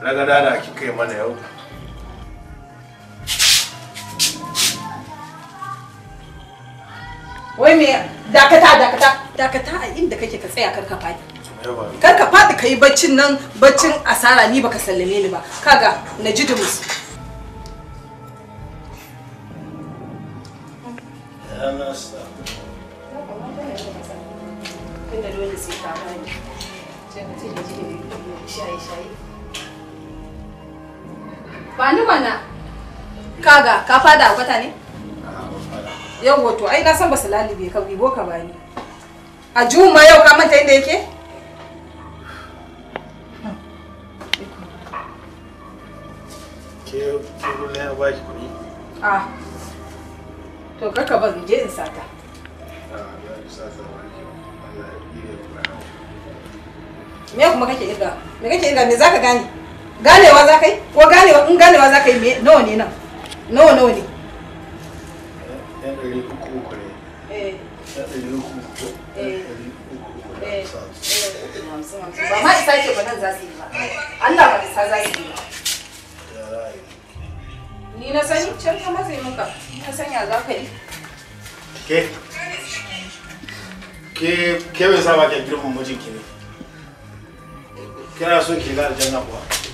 ragada da kika yi mana yau dakata dakata dakata a inda kake ka tsaya karka fadi karka fadi ka yi baccin nan baccin asara ni baka sallame ni ba kaga na ji dumus Thank you. Ba ni mana. Kaga, ka fada kwata ne? Yau wato, ai na san ba su lalibe ka bibo ka bani. A juma yau ka manta inda yake? Ke Ah. To kaka bari je in sata. Me kuma kake irga? Me kake irga? Me zaka gani ganewa za ka yi ko ganewa in ganewa za ka yi nawa ne nan nawa nawa ne su yi ni ni ka ke ke ke sa ba ke girman mijinki ne kina so ki ga aljanna kuwa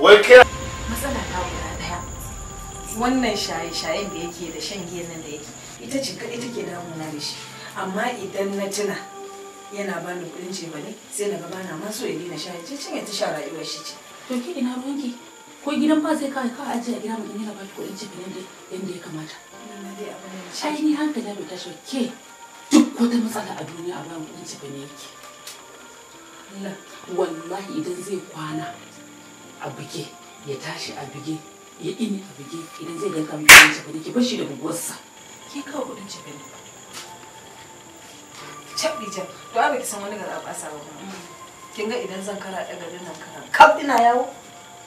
wai kai matsala ta guda daya wannan shaye-shayen da yake da shan giya nan da yake ita ce ita ke damuna da shi amma idan na tuna yana bani kuɗin ce bane sai na gaba na ma ya dina shaye ce cin ya ta sha rayuwar shi ce to ki ina ruwanki ko gidan ba sai kawai ka ajiye a gida gidan mutum yana baki kuɗin ce bane yadda ya kamata ai ni hankali bai tashi ke duk wata matsala a duniya a bayan kuɗin ce bane yake wallahi idan zai kwana a buge ya tashi a buge ya ini a buge idan zai yanka miki kudin cefane ki bashi da buguwarsa k'i kawo kudin cefane cabbi jam to abu ki san wani gara ba sa ba mm. kin ga idan zan kara daga nan kara kaf ina yawo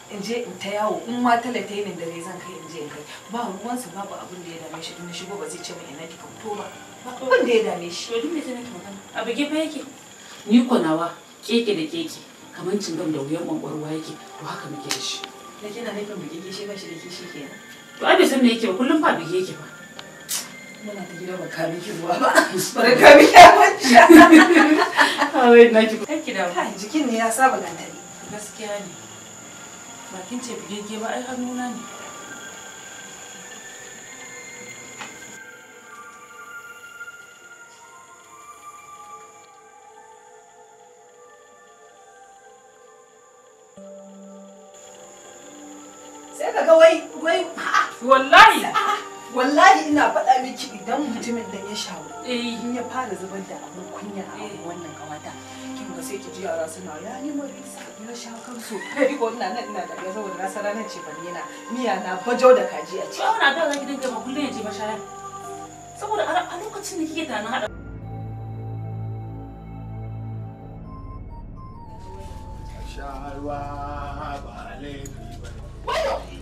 in je in ta yawo in ma talata ne dare zan kai in je in kai ba ruwansa babu abin da ya dame shi tun shigo ba zai ce mai ina kika fito ba abin da ya dame shi to duk me zan ki magana a buge fa yake ni ko nawa keke da keke kamar cingam da wuyan ɓanɓarwa yake to haka muke da shi. Da kina nufin biki kishi ba shi da kishi kenan. To ai bai san me yake ba kullum ba biki yake ba. Muna ta gida ba ka miki ruwa ba. Bari ka miki a Kawai ah, na ki. ki da ba. jikin ne ya saba gantari. Gaskiya ne. Bakin ce ke ba ai hannuna ne. sai ka ga wai wai wallahi ah, wallahi ina faɗa miki idan mutumin da ya shawo eh. in ya fara zubar da abin kunya a eh. wannan kawata kin ga sai ki ji yara suna ya ni mari ya sha kansu kai ko ina nan ina tafiya saboda na san nan ce fa yana miya na bajo da kaji a ciki ana da zaki dinga ma kullun ya je mashaya saboda a lokacin da kike tunanin hada sha ruwa ba laifi ba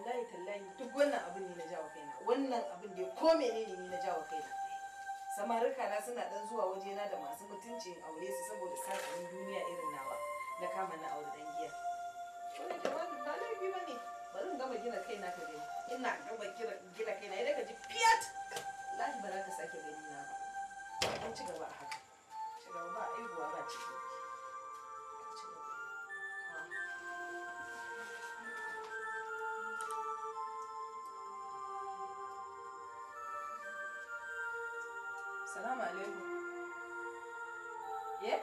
wallahi tallahi duk wannan abin ne na jawo kaina wannan abin da ko menene ne na jawo kaina samarika na suna dan zuwa wajena da masu mutuncin aure su saboda sakamin duniya irin nawa na kama na aure dan giya wani da ba ba ne bane bari in gama gina kaina ka dai ina gama gina kaina idan ka ji fiyat wallahi ba za ka sake gani na ba an ci gaba a haka ci gaba ba aibuwa ba ciki salamu alaikum ye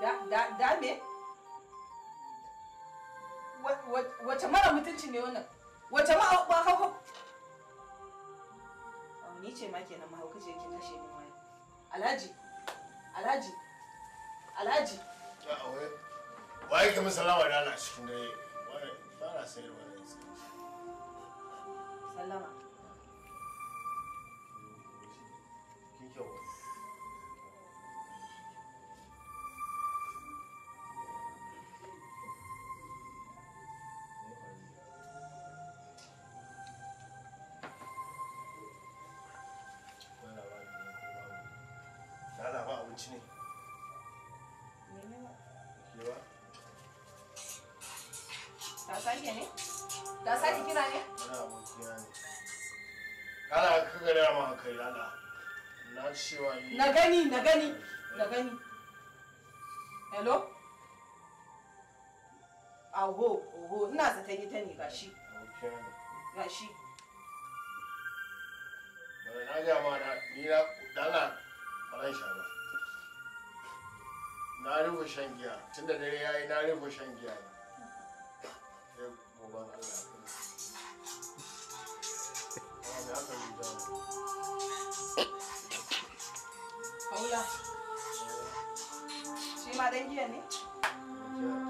da da da me wace mara mutunci ne wannan wace ma ba hauka ni ce ma kenan ma hauka ce yake kashe min waya alhaji alhaji alhaji ya aure waye ke musallama da Allah cikin dare waye fara sayarwa ne sallama yake ne da sake kira ne wani ka gada ma kai lada na cewa ni na gani na gani na gani hello aho oho ina zata yi ta ne gashi gashi bari na ga ma na ni na dala ba sha ba na rufe shan giya tunda dare yayi na rufe shan giya Haula. Shi ma dan giya ne?